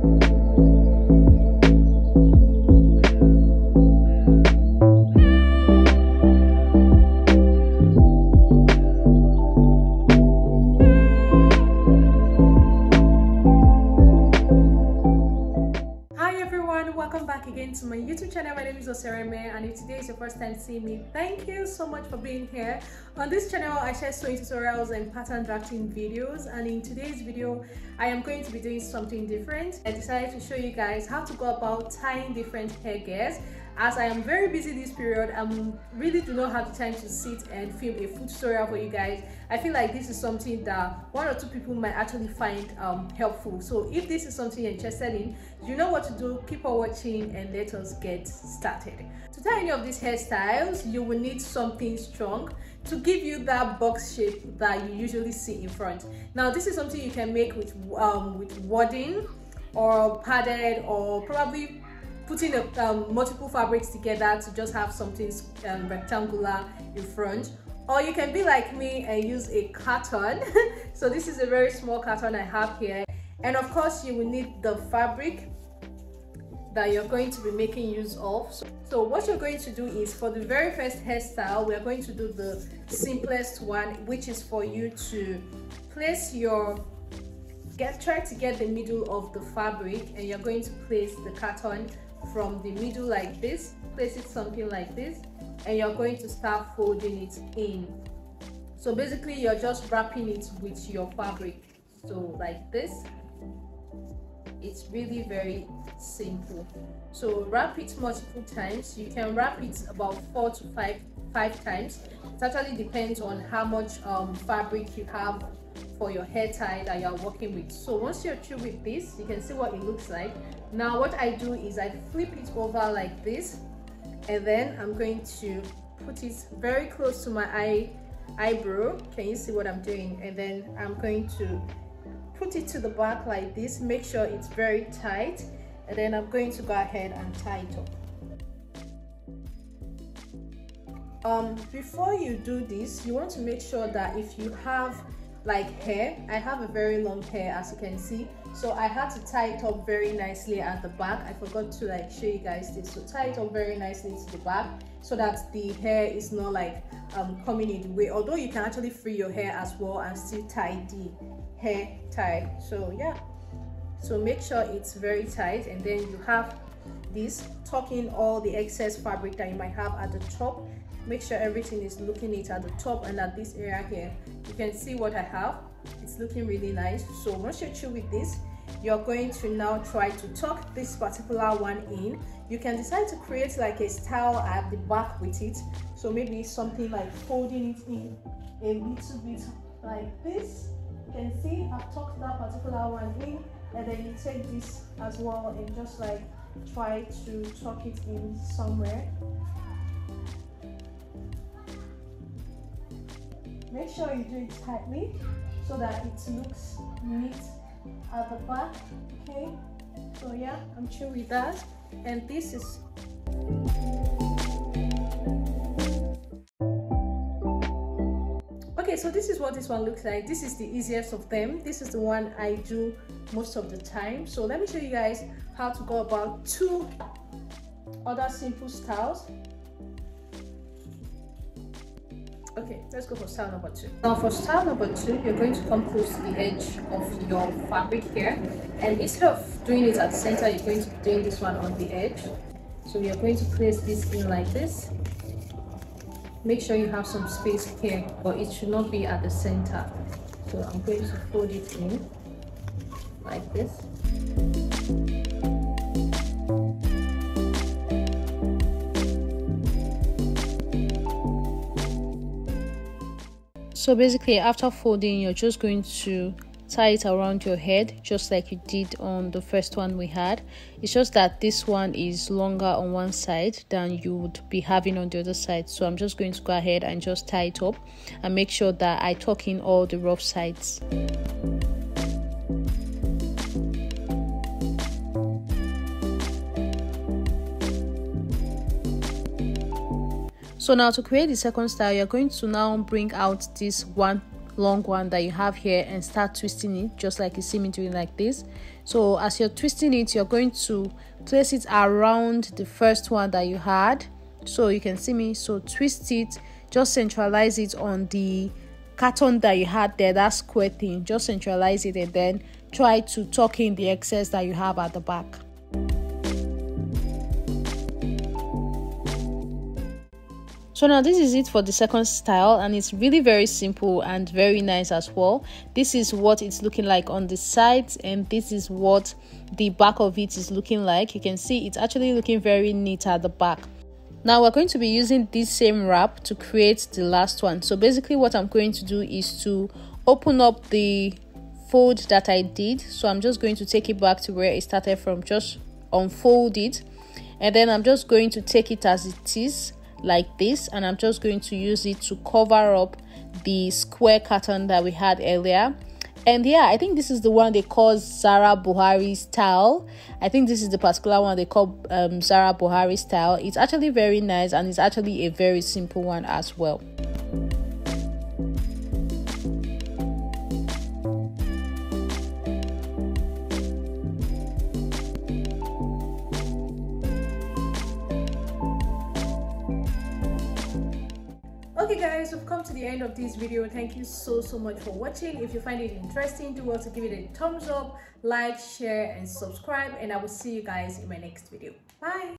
Thank you. channel my name is Osereme and if today is your first time seeing me thank you so much for being here on this channel I share sewing tutorials and pattern drafting videos and in today's video I am going to be doing something different I decided to show you guys how to go about tying different hair gears as I am very busy this period, I really do not have the time to sit and film a food tutorial for you guys. I feel like this is something that one or two people might actually find um, helpful. So if this is something you're interested in, you know what to do, keep on watching and let us get started. To tie any of these hairstyles, you will need something strong to give you that box shape that you usually see in front. Now this is something you can make with, um, with wadding or padded or probably putting a, um, multiple fabrics together to just have something um, rectangular in front or you can be like me and use a carton so this is a very small carton I have here and of course you will need the fabric that you're going to be making use of so, so what you're going to do is for the very first hairstyle we are going to do the simplest one which is for you to place your get try to get the middle of the fabric and you're going to place the carton from the middle like this place it something like this and you're going to start folding it in so basically you're just wrapping it with your fabric so like this it's really very simple so wrap it multiple times you can wrap it about four to five five times it actually depends on how much um, fabric you have for your hair tie that you're working with so once you're through with this you can see what it looks like now what i do is i flip it over like this and then i'm going to put it very close to my eye eyebrow can you see what i'm doing and then i'm going to put it to the back like this make sure it's very tight and then i'm going to go ahead and tie it up um, before you do this you want to make sure that if you have like hair i have a very long hair as you can see so i had to tie it up very nicely at the back i forgot to like show you guys this so tie it up very nicely to the back so that the hair is not like um, coming in the way although you can actually free your hair as well and still tie the hair tie so yeah so make sure it's very tight and then you have this tucking all the excess fabric that you might have at the top make sure everything is looking neat at the top and at this area here you can see what i have it's looking really nice so once you're through with this you're going to now try to tuck this particular one in you can decide to create like a style at the back with it so maybe something like folding it in a little bit like this you can see i've tucked that particular one in and then you take this as well and just like try to tuck it in somewhere Make sure you do it tightly so that it looks neat at the back, okay? So yeah, I'm chill with that. And this is okay so this is what this one looks like this is the easiest of them this is the one i do most of the time so let me show you guys how to go about two other simple styles Okay, let's go for style number two. Now for style number two, you're going to come close to the edge of your fabric here. And instead of doing it at the center, you're going to be doing this one on the edge. So you're going to place this in like this. Make sure you have some space here, but it should not be at the center. So I'm going to fold it in like this. so basically after folding you're just going to tie it around your head just like you did on the first one we had it's just that this one is longer on one side than you would be having on the other side so i'm just going to go ahead and just tie it up and make sure that i tuck in all the rough sides so now to create the second style you're going to now bring out this one long one that you have here and start twisting it just like you see me doing like this so as you're twisting it you're going to place it around the first one that you had so you can see me so twist it just centralize it on the cotton that you had there that square thing just centralize it and then try to tuck in the excess that you have at the back so now this is it for the second style and it's really very simple and very nice as well this is what it's looking like on the sides and this is what the back of it is looking like you can see it's actually looking very neat at the back now we're going to be using this same wrap to create the last one so basically what i'm going to do is to open up the fold that i did so i'm just going to take it back to where it started from just unfold it and then i'm just going to take it as it is like this and I'm just going to use it to cover up the square carton that we had earlier and yeah I think this is the one they call Sarah Buhari style I think this is the particular one they call um, Sarah Buhari style it's actually very nice and it's actually a very simple one as well okay guys we've come to the end of this video thank you so so much for watching if you find it interesting do also give it a thumbs up like share and subscribe and i will see you guys in my next video bye